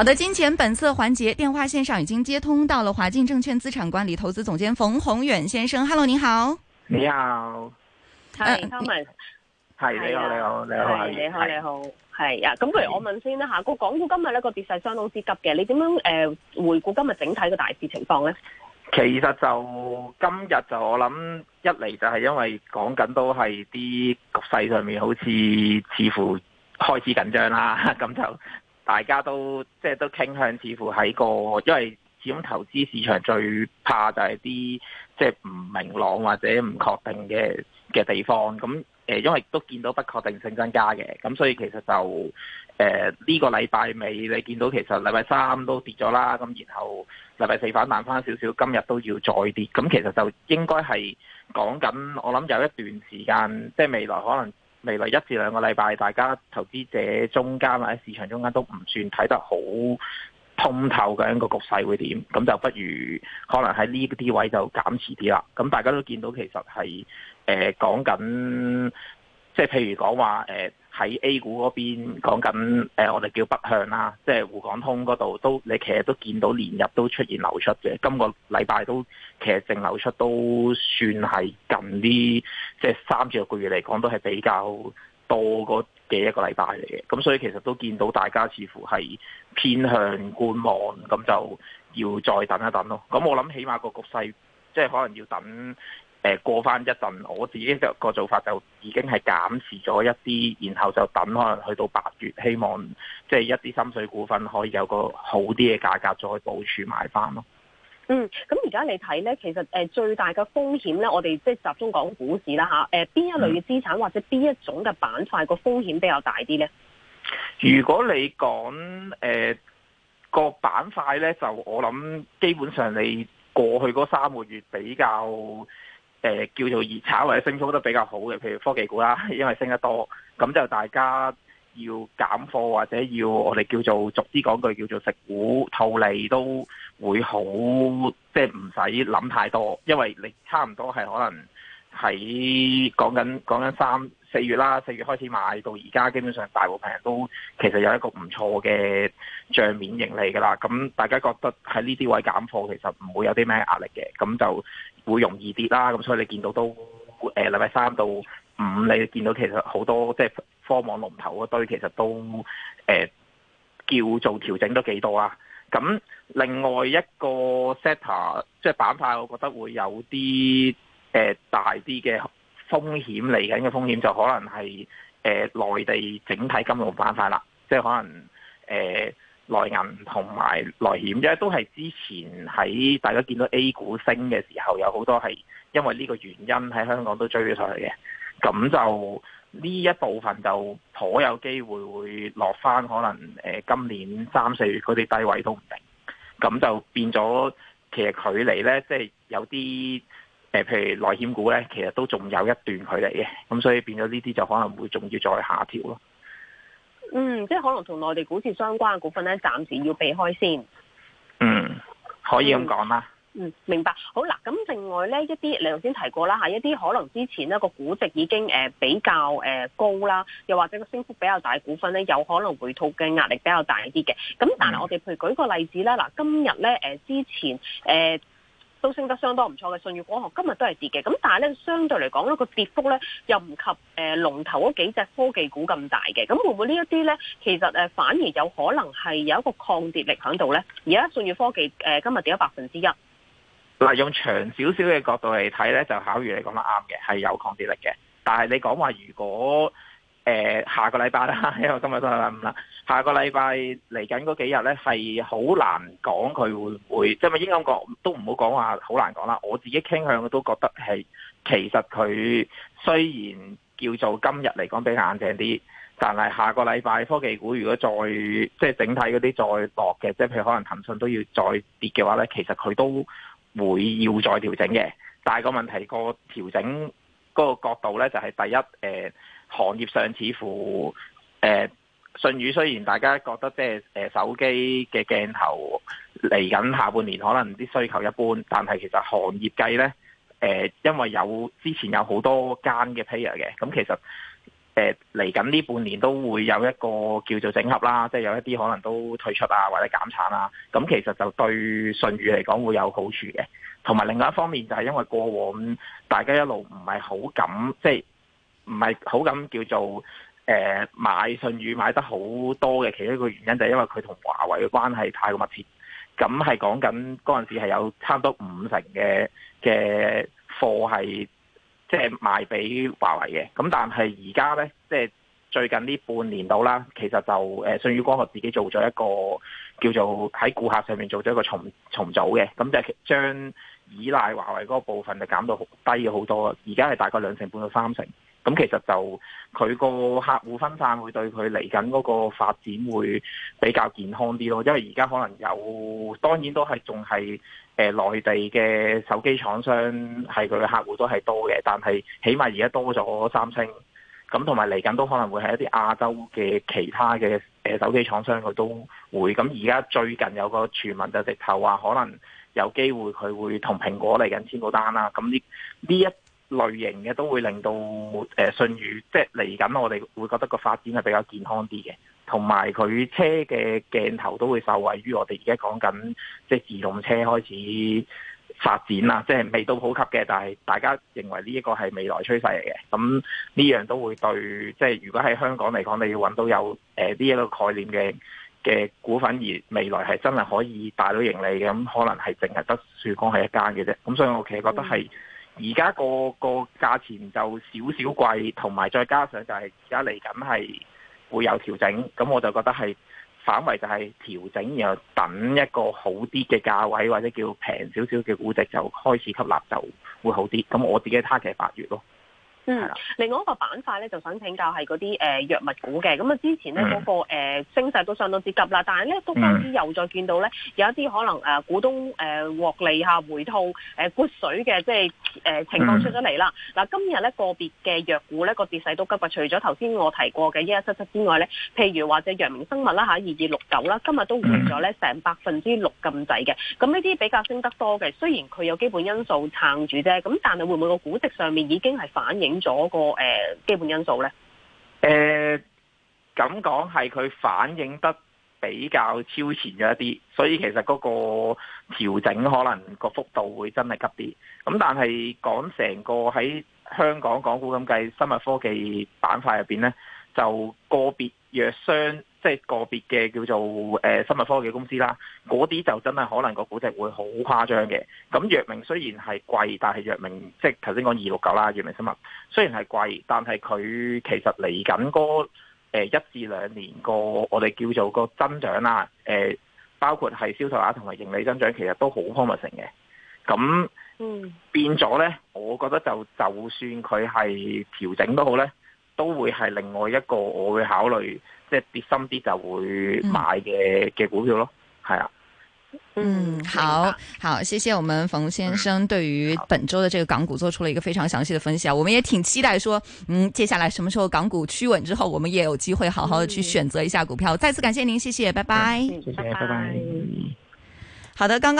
好的，金錢本色環節電話線上已經接通到了華晉證券資產管理投資總監馮宏遠先生。Hello，你好。你好。係今日係你好，你好，你好，你好，你好，你好，係啊。咁譬如我問先啦吓，個港股今日咧個跌勢相當之急嘅，你點樣誒回顧今日整體嘅大市情況咧？其實就今日就我諗一嚟，就係因為講緊都係啲局勢上面好似似乎開始緊張啦，咁就。大家都即係都傾向，似乎喺個，因為始終投資市場最怕就係啲即係唔明朗或者唔確定嘅嘅地方。咁誒、呃、因為都見到不確定性增加嘅，咁所以其實就誒呢、呃這個禮拜尾你見到其實禮拜三都跌咗啦，咁然後禮拜四反彈翻少少，今日都要再跌。咁其實就應該係講緊，我諗有一段時間即係未來可能。未來一至兩個禮拜，大家投資者中間或者市場中間都唔算睇得好通透咁樣，個局勢會點？咁就不如可能喺呢啲位就減持啲啦。咁大家都見到其實係誒講緊，即係譬如講話誒。呃喺 A 股嗰邊講緊，誒、呃、我哋叫北向啦，即係滬港通嗰度都，你其實都見到連日都出現流出嘅。今個禮拜都其實淨流出都算係近呢，即係三至六個月嚟講都係比較多嗰嘅一個禮拜嚟嘅。咁所以其實都見到大家似乎係偏向觀望，咁就要再等一等咯。咁我諗起碼個局勢即係可能要等。誒，過翻一陣，我自己個個做法就已經係減持咗一啲，然後就等可能去到八月，希望即係一啲深水股份可以有個好啲嘅價格再部署買翻咯。嗯，咁而家你睇呢，其實誒、呃、最大嘅風險呢，我哋即係集中講股市啦吓。誒、呃，邊一類嘅資產或者邊一種嘅板塊個風險比較大啲呢？嗯、如果你講誒、呃那個板塊呢，就我諗基本上你過去嗰三個月比較。誒、呃、叫做熱炒或者升幅都比較好嘅，譬如科技股啦，因為升得多，咁就大家要減貨或者要我哋叫做俗啲講句叫做食股套利都會好，即係唔使諗太多，因為你差唔多係可能喺講緊講緊三四月啦，四月開始買到而家，基本上大部分人都其實有一個唔錯嘅帳面盈利噶啦。咁大家覺得喺呢啲位減貨，其實唔會有啲咩壓力嘅，咁就會容易啲啦。咁所以你見到都誒、呃、禮拜三到五，你見到其實好多即係科網龍頭嗰堆，其實都誒、呃、叫做調整都幾多啊。咁另外一個 set 即係板塊，我覺得會有啲誒、呃、大啲嘅。風險嚟緊嘅風險就可能係誒、呃、內地整體金融板塊啦，即係可能誒、呃、內銀同埋內險，因為都係之前喺大家見到 A 股升嘅時候，有好多係因為呢個原因喺香港都追咗上去嘅。咁就呢一部分就頗有機會會落翻，可能誒、呃、今年三四月嗰啲低位都唔定。咁就變咗其實距離咧，即、就、係、是、有啲。誒，譬如內險股咧，其實都仲有一段距離嘅，咁所以變咗呢啲就可能會仲要再下調咯。嗯，即係可能同內地股市相關嘅股份咧，暫時要避開先。嗯，可以咁講啦。嗯，明白。好啦，咁另外咧一啲，你頭先提過啦吓，一啲可能之前咧個估值已經誒、呃、比較誒、呃、高啦，又或者個升幅比較大嘅股份咧，有可能回吐嘅壓力比較大啲嘅。咁但係我哋譬如舉個例子啦，嗱、嗯，今日咧誒之前誒。呃呃都升得相當唔錯嘅，信譽科技今日都係跌嘅，咁但係咧，相對嚟講咧，個跌幅咧又唔及誒、呃、龍頭嗰幾隻科技股咁大嘅，咁會唔會呢一啲咧，其實誒、呃、反而有可能係有一個抗跌力喺度咧？而家信譽科技誒、呃、今日跌咗百分之一。嗱，用長少少嘅角度嚟睇咧，就考慮你講得啱嘅，係有抗跌力嘅。但係你講話如果誒、呃、下個禮拜啦，因為今日都係五啦。下個禮拜嚟緊嗰幾日呢，係好難講佢會唔會，即係應該講都唔好講話好難講啦。我自己傾向都覺得係，其實佢雖然叫做今日嚟講比較硬淨啲，但係下個禮拜科技股如果再即係整體嗰啲再落嘅，即係譬如可能騰訊都要再跌嘅話呢，其實佢都會要再調整嘅。但係個問題個調整嗰個角度呢，就係、是、第一、呃，行業上似乎、呃舜宇雖然大家覺得即係誒手機嘅鏡頭嚟緊下，下半年可能啲需求一般，但係其實行業計咧誒、呃，因為有之前有好多間嘅 player 嘅，咁、嗯、其實誒嚟緊呢半年都會有一個叫做整合啦，即係有一啲可能都退出啊或者減產啊，咁、嗯、其實就對舜宇嚟講會有好處嘅。同埋另外一方面就係因為過往大家一路唔係好敢，即係唔係好敢叫做。誒買信宇買得好多嘅，其中一個原因就係因為佢同華為嘅關係太過密切，咁係講緊嗰陣時係有差唔多五成嘅嘅貨係即係賣俾華為嘅，咁但係而家呢，即係最近呢半年到啦，其實就誒信宇光學自己做咗一個叫做喺顧客上面做咗一個重重組嘅，咁就將依賴華為嗰部分就減到低咗好多，而家係大概兩成半到三成。咁其實就佢個客戶分散會對佢嚟緊嗰個發展會比較健康啲咯，因為而家可能有當然都係仲係誒內地嘅手機廠商係佢嘅客戶都係多嘅，但係起碼而家多咗三星，咁同埋嚟緊都可能會係一啲亞洲嘅其他嘅誒手機廠商佢都會，咁而家最近有個傳聞，就直頭話，可能有機會佢會同蘋果嚟緊簽個單啦，咁呢呢一類型嘅都會令到誒、呃、信譽，即係嚟緊我哋會覺得個發展係比較健康啲嘅，同埋佢車嘅鏡頭都會受惠於我哋而家講緊即係自動車開始發展啦，即係未到普及嘅，但係大家認為呢一個係未來趨勢嚟嘅，咁呢樣都會對即係如果喺香港嚟講，你要揾到有誒呢一個概念嘅嘅股份，而未來係真係可以帶到盈利嘅，咁可能係淨係得曙光係一間嘅啫，咁所以我其實覺得係。嗯而家個個價錢就少少貴，同埋再加上就係而家嚟緊係會有調整，咁我就覺得係反為就係調整，然後等一個好啲嘅價位或者叫平少少嘅估值就開始吸納就會好啲。咁我自己 target 八月咯。嗯，另外一個板塊咧就想請教係嗰啲誒藥物股嘅，咁啊之前咧嗰、嗯嗰個升勢、呃、都相當之急啦，但係咧都開始又再見到咧、嗯、有一啲可能誒、呃、股東誒獲、呃、利下回吐誒、呃、骨水嘅即係誒情況出咗嚟啦。嗱、嗯、今日咧個別嘅藥股咧個跌勢都急㗎，除咗頭先我提過嘅一一七七之外咧，譬如或者藥明生物啦嚇二二六九啦，啊、69，今日都回咗咧成百分之六咁滯嘅，咁呢啲比較升得多嘅，雖然佢有基本因素撐住啫，咁但係會唔會個估值上面已經係反映？影咗個誒基本因素咧，誒咁講係佢反映得比較超前咗一啲，所以其實嗰個調整可能個幅度會真係急啲。咁但係講成個喺香港港股咁計，生物科技板塊入邊咧，就個別藥商。即係個別嘅叫做誒生物科技公司啦，嗰啲就真係可能個估值會好誇張嘅。咁藥明雖然係貴，但係藥明即係頭先講二六九啦，藥明生物雖然係貴，但係佢其實嚟緊嗰一至兩年個我哋叫做個增長啦、啊，誒包括係銷售額同埋盈利增長，其實都好 promising 嘅。咁嗯變咗呢，我覺得就就算佢係調整都好呢。都會係另外一個我會考慮，即係跌深啲就會買嘅嘅股票咯，係啊。嗯，嗯，好，明白。好，謝謝我們馮先生對於本周的這個港股做出了一個非常詳細的分析啊，我們也挺期待說，嗯，接下來什麼時候港股趨穩之後，我們也有機會好好的去選擇一下股票。再次感謝您，謝謝，拜拜，謝謝，拜拜。好的，剛剛。